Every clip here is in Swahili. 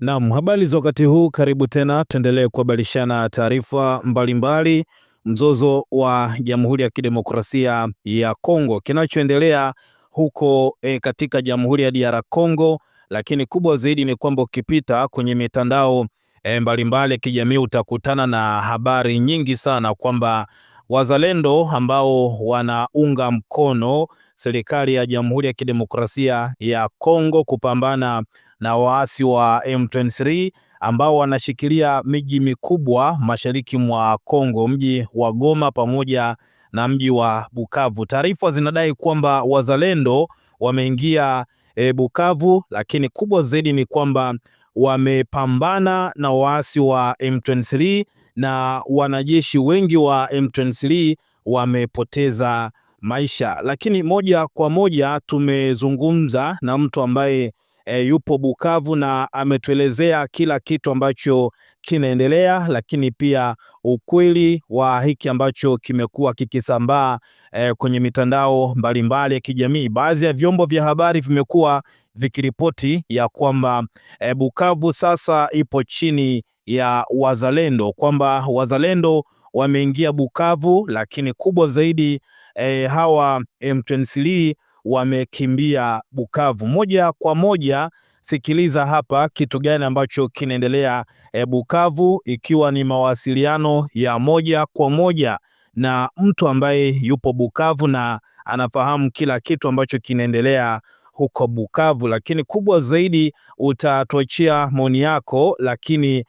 Naam, habari za wakati huu, karibu tena, tuendelee kuhabarishana taarifa mbalimbali. Mzozo wa Jamhuri ya Kidemokrasia ya Kongo, kinachoendelea huko e, katika Jamhuri ya DR Congo, lakini kubwa zaidi ni kwamba ukipita kwenye mitandao e, mbalimbali ya kijamii utakutana na habari nyingi sana kwamba wazalendo ambao wanaunga mkono serikali ya Jamhuri ya Kidemokrasia ya Kongo kupambana na waasi wa M23 ambao wanashikilia miji mikubwa mashariki mwa Kongo, mji wa Goma pamoja na mji wa Bukavu. Taarifa zinadai kwamba wazalendo wameingia e, Bukavu, lakini kubwa zaidi ni kwamba wamepambana na waasi wa M23 na wanajeshi wengi wa M23 wamepoteza maisha. Lakini moja kwa moja tumezungumza na mtu ambaye e, yupo Bukavu na ametuelezea kila kitu ambacho kinaendelea, lakini pia ukweli wa hiki ambacho kimekuwa kikisambaa e, kwenye mitandao mbalimbali ya kijamii. Baadhi ya vyombo vya habari vimekuwa vikiripoti ya kwamba e, Bukavu sasa ipo chini ya wazalendo, kwamba wazalendo wameingia Bukavu, lakini kubwa zaidi e, hawa M23 wamekimbia Bukavu. Moja kwa moja, sikiliza hapa kitu gani ambacho kinaendelea e, Bukavu, ikiwa ni mawasiliano ya moja kwa moja na mtu ambaye yupo Bukavu na anafahamu kila kitu ambacho kinaendelea huko Bukavu, lakini kubwa zaidi utatuachia maoni yako, lakini e,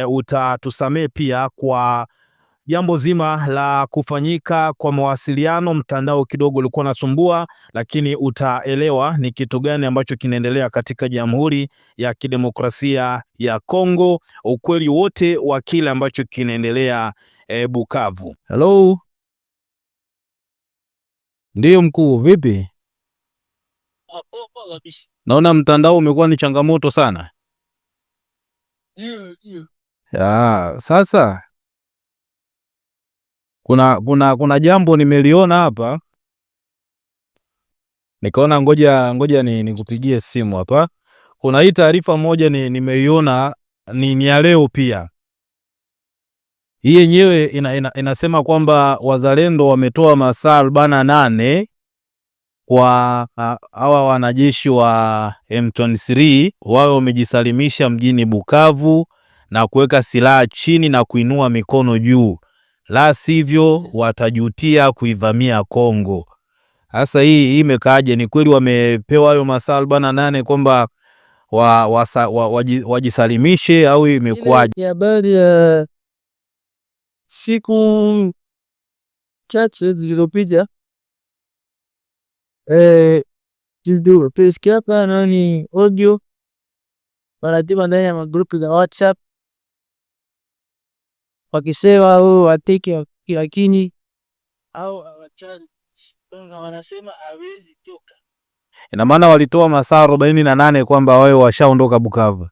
eh, utatusamee pia kwa jambo zima la kufanyika kwa mawasiliano, mtandao kidogo ulikuwa unasumbua, lakini utaelewa ni kitu gani ambacho kinaendelea katika Jamhuri ya Kidemokrasia ya Kongo, ukweli wote wa kile ambacho kinaendelea e, Bukavu. Hello. Ndiyo mkuu, vipi? Naona mtandao umekuwa ni changamoto sana. Ndiyo, ndiyo. Ya, ah, sasa kuna, kuna, kuna jambo nimeliona hapa nikaona ngoja ngoja nikupigie ni simu hapa. Kuna hii taarifa moja nimeiona ni, ni ya leo pia hii yenyewe ina, ina, inasema kwamba wazalendo wametoa masaa arobaini na nane kwa hawa wanajeshi wa M23 wawe wamejisalimisha mjini Bukavu na kuweka silaha chini na kuinua mikono juu la sivyo watajutia kuivamia Kongo. Hasa hii imekaaje? Ni kweli wamepewa hayo masaa arobaini na nane kwamba wa, wa, wa, waji, wajisalimishe au imekuwaje? Habari ya siku chache zilizopita eh, tulisikia hapa nani audio wanatuma ndani ya magrupu za WhatsApp wakisema au wateke lakini au awachani wanasema hawezi toka. Ina maana walitoa masaa arobaini na nane kwamba wao washaondoka Bukavu.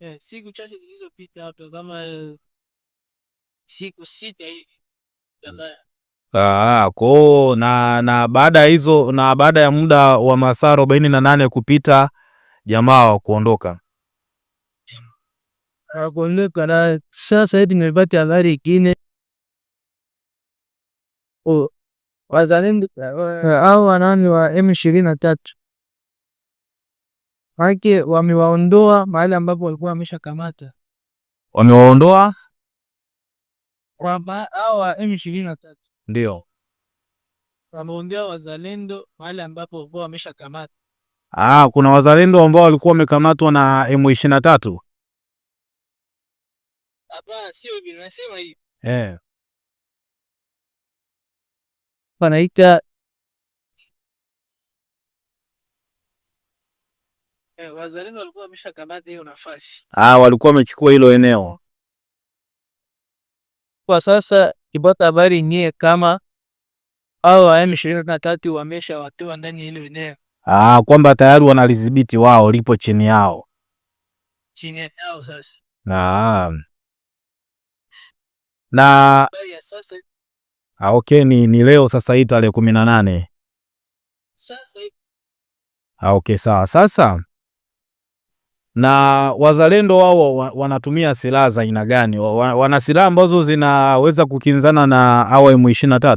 Yeah, siku chache zilizopita hapo kama eh, siku sita hivi. Ah, ah ko na na baada ya hizo na baada ya muda wa masaa arobaini na nane kupita jamaa wa kuondoka Hakuonekana. Sasa hivi nimepata habari au wanani wa M23 make wamewaondoa mahali ambapo walikuwa wameshakamata, wamewaondoa au wa M23 ndio wameondoa wazalendo mahali ambapo walikuwa wameshakamata. Ah, kuna wazalendo ambao walikuwa wamekamatwa na M23 Hapana, sio hivi, nasema hivi. Eh. Panaita eh, wazalendo walikuwa wameshakamata hiyo nafasi. Ah, walikuwa wamechukua hilo eneo. Kwa sasa kipata habari nyie kama au wa M23 wamesha watoa ndani ya hilo eneo. Ah, kwamba tayari wanalidhibiti wao, lipo chini yao. Chini yao sasa. Naam na ah, okay, ni, ni leo sasa hii tarehe kumi na nane. Ah, okay, sawa. Sasa na wazalendo wao wanatumia silaha za aina gani? Wana silaha ambazo zinaweza kukinzana na awa M23?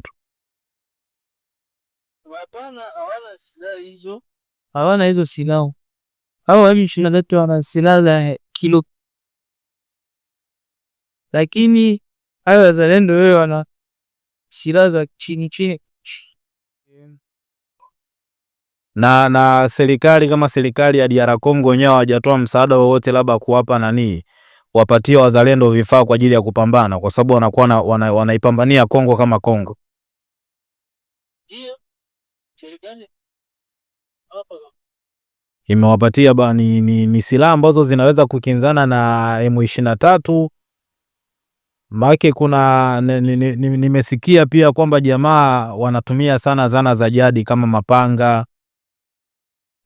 Hapana, hawana silaha hizo, hawana hizo silaha. Hao M23 wana silaha za kilo, lakini hayo wazalendo wewe, wana silaha za chini chini na na serikali kama serikali ya DR Congo wenyewe hawajatoa msaada wowote, labda kuwapa nani, wapatie wazalendo vifaa kwa ajili ya kupambana, kwa sababu wanakuwa wana, wanaipambania Kongo kama Kongo. Imewapatia ba ni, ni, ni silaha ambazo zinaweza kukinzana na M23 Maake kuna nimesikia pia kwamba jamaa wanatumia sana zana za jadi kama mapanga,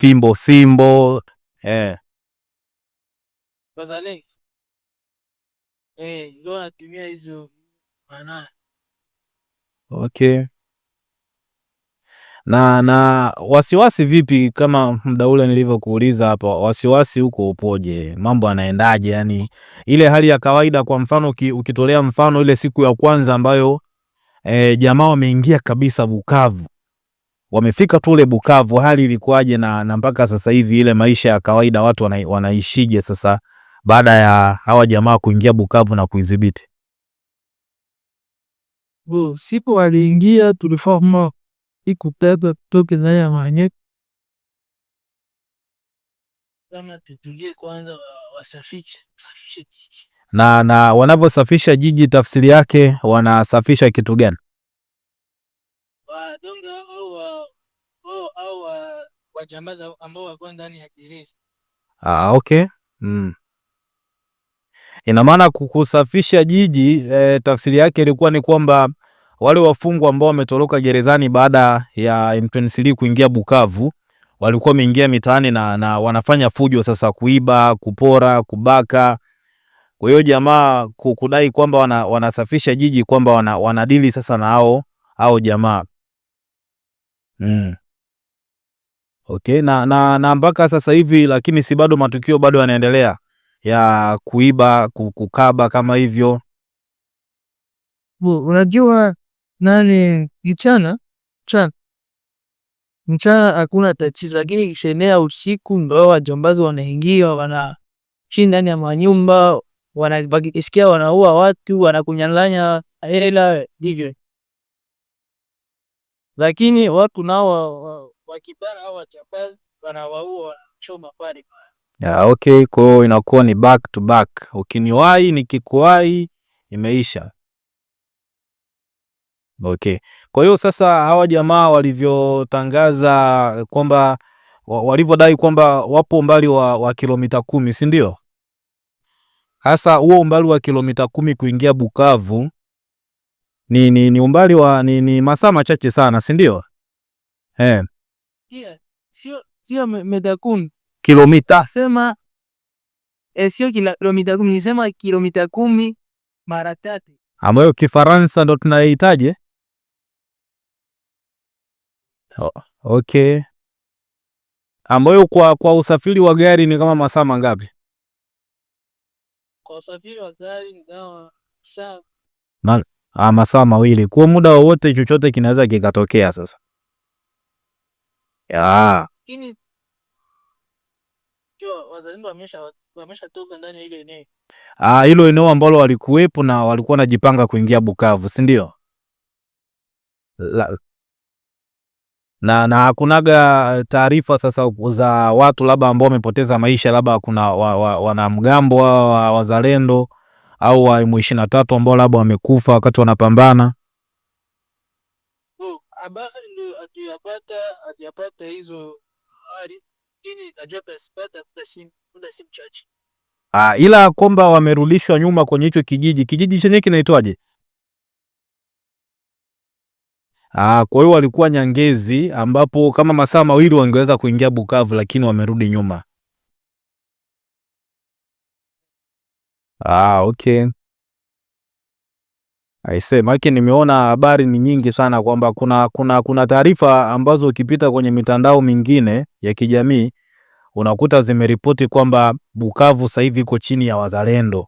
fimbo fimbo eh. eh okay na na wasiwasi vipi? Kama muda ule nilivyokuuliza hapa, wasiwasi huko upoje? Mambo yanaendaje? Yani ile hali ya kawaida, kwa mfano ukitolea mfano ile siku ya kwanza ambayo e, jamaa wameingia kabisa Bukavu, wamefika tu ile Bukavu, hali ilikuwaje? Na, na mpaka sasa hivi ile maisha ya kawaida watu wana, wanaishije sasa baada ya hawa jamaa kuingia Bukavu na kuidhibiti? Siku waliingia tulifahamu Ikutega tutoke ndani ya manyeka. Na, na wanavyosafisha jiji tafsiri yake wanasafisha kitu gani? Ah, okay. Mm. Ina maana kusafisha jiji eh, tafsiri yake ilikuwa ni kwamba wale wafungwa ambao wametoroka gerezani baada ya M23 kuingia Bukavu walikuwa wameingia mitaani na, na wanafanya fujo sasa, kuiba, kupora, kubaka. Kwa hiyo jamaa kudai kwamba wana, wanasafisha jiji kwamba wana, wanadili sasa na hao hao jamaa mm. Okay, na na na mpaka sasa hivi, lakini si bado matukio bado yanaendelea ya kuiba kukaba kama hivyo. Unajua nani mchana mchana mchana hakuna tatizo, lakini kishenea usiku ndo wajambazi wanaingia, wanashinda ndani ya manyumba, wanaisikia wanaua watu, wanakunyang'anya hela hivyo. Lakini watu nao wakibara au wajambazi wanawaua, wanachoma pale. Yeah, okay, kwa hiyo inakuwa ni back to back, ukiniwahi nikikuwahi, imeisha. Okay. Kwa hiyo sasa hawa jamaa walivyotangaza kwamba walivyodai kwamba wapo umbali wa, wa kilomita kumi si ndio? Hasa huo umbali wa kilomita kumi kuingia Bukavu ni, ni, ni umbali wa ni, ni masaa machache sana si ndio? Eh. Yeah. Sio sio mita kumi. Kilomita. Sema eh, sio kilomita kumi, sema kilomita kumi mara tatu. Ambayo Kifaransa ndo tunahitaji Okay. Ambayo kwa, kwa usafiri wa gari ni kama masaa mangapi? Kwa usafiri wa gari ni kama saa Ma, ah, masaa mawili. Kwa muda wowote chochote kinaweza kikatokea sasa. Ya. Kini... Ah, hilo eneo ambalo walikuwepo na walikuwa wanajipanga kuingia Bukavu, si ndio? na na hakunaga taarifa sasa za watu labda ambao wamepoteza maisha, labda kuna wanamgambo wa, wa, wa, wa wazalendo au wa M23 ambao labda wamekufa wakati wanapambana. Oh, habari ndio atuyapata atuyapata hizo ini ah, ila kwamba wamerudishwa nyuma kwenye hicho kijiji. Kijiji chenye kinaitwaje? Aa, ah, kwa hiyo walikuwa nyangezi ambapo kama masaa mawili wangeweza kuingia Bukavu lakini wamerudi nyuma. Ah, okay. Aise, maki nimeona habari ni nyingi sana kwamba kuna kuna kuna taarifa ambazo ukipita kwenye mitandao mingine ya kijamii unakuta zimeripoti kwamba Bukavu sasa hivi iko chini ya wazalendo.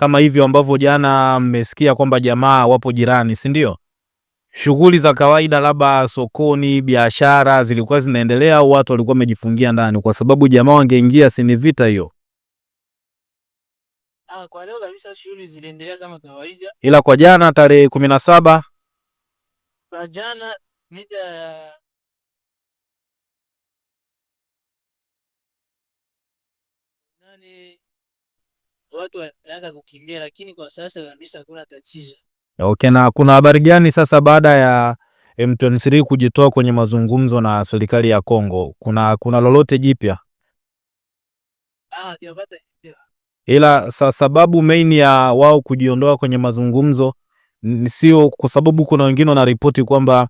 kama hivyo ambavyo jana mmesikia kwamba jamaa wapo jirani, si ndio? Shughuli za kawaida labda sokoni, biashara zilikuwa zinaendelea, au watu walikuwa wamejifungia ndani, kwa sababu jamaa wangeingia, si ni vita hiyo. Ah, kwa leo kabisa shughuli ziliendelea kama kawaida, ila kwa jana tarehe kumi na saba kwa jana mida nani watu wanaanza kukimbia, lakini kwa sasa kabisa hakuna tatizo. Okay, na kuna habari gani sasa baada ya M23 kujitoa kwenye mazungumzo na serikali ya Kongo? Kuna kuna lolote jipya? Ah, tupata ila sa sababu main ya wao kujiondoa kwenye mazungumzo sio kwa sababu kuna wengine wanaripoti kwamba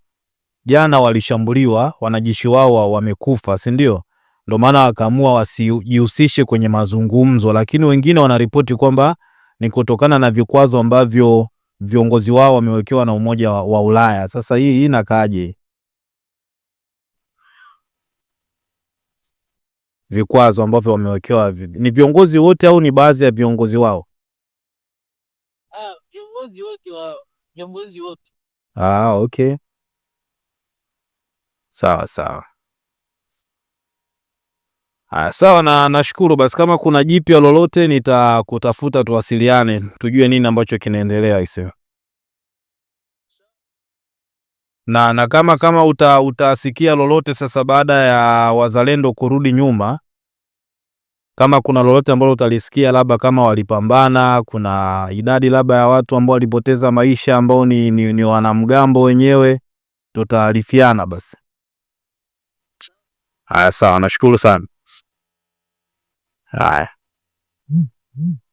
jana walishambuliwa, wanajeshi wao wamekufa, si ndio? Ndio maana wakaamua wasijihusishe kwenye mazungumzo, lakini wengine wanaripoti kwamba ni kutokana na vikwazo ambavyo viongozi wao wamewekewa na Umoja wa, wa Ulaya. Sasa hii inakaje? Vikwazo ambavyo wamewekewa ni viongozi wote au ni baadhi ya viongozi wao? Ah, viongozi wote wa viongozi wote. Ah, okay. Sawa sawa. Aya, sawa na nashukuru. Basi kama kuna jipya lolote nitakutafuta, tuwasiliane tujue nini ambacho kinaendelea isio na, na kama kama uta, utasikia lolote sasa baada ya wazalendo kurudi nyuma, kama kuna lolote ambalo utalisikia, labda kama walipambana, kuna idadi labda ya watu ambao walipoteza maisha ambao ni, ni, ni wanamgambo wenyewe, tutaarifiana basi. Haya, sawa, nashukuru sana. Haya. Mm, mm.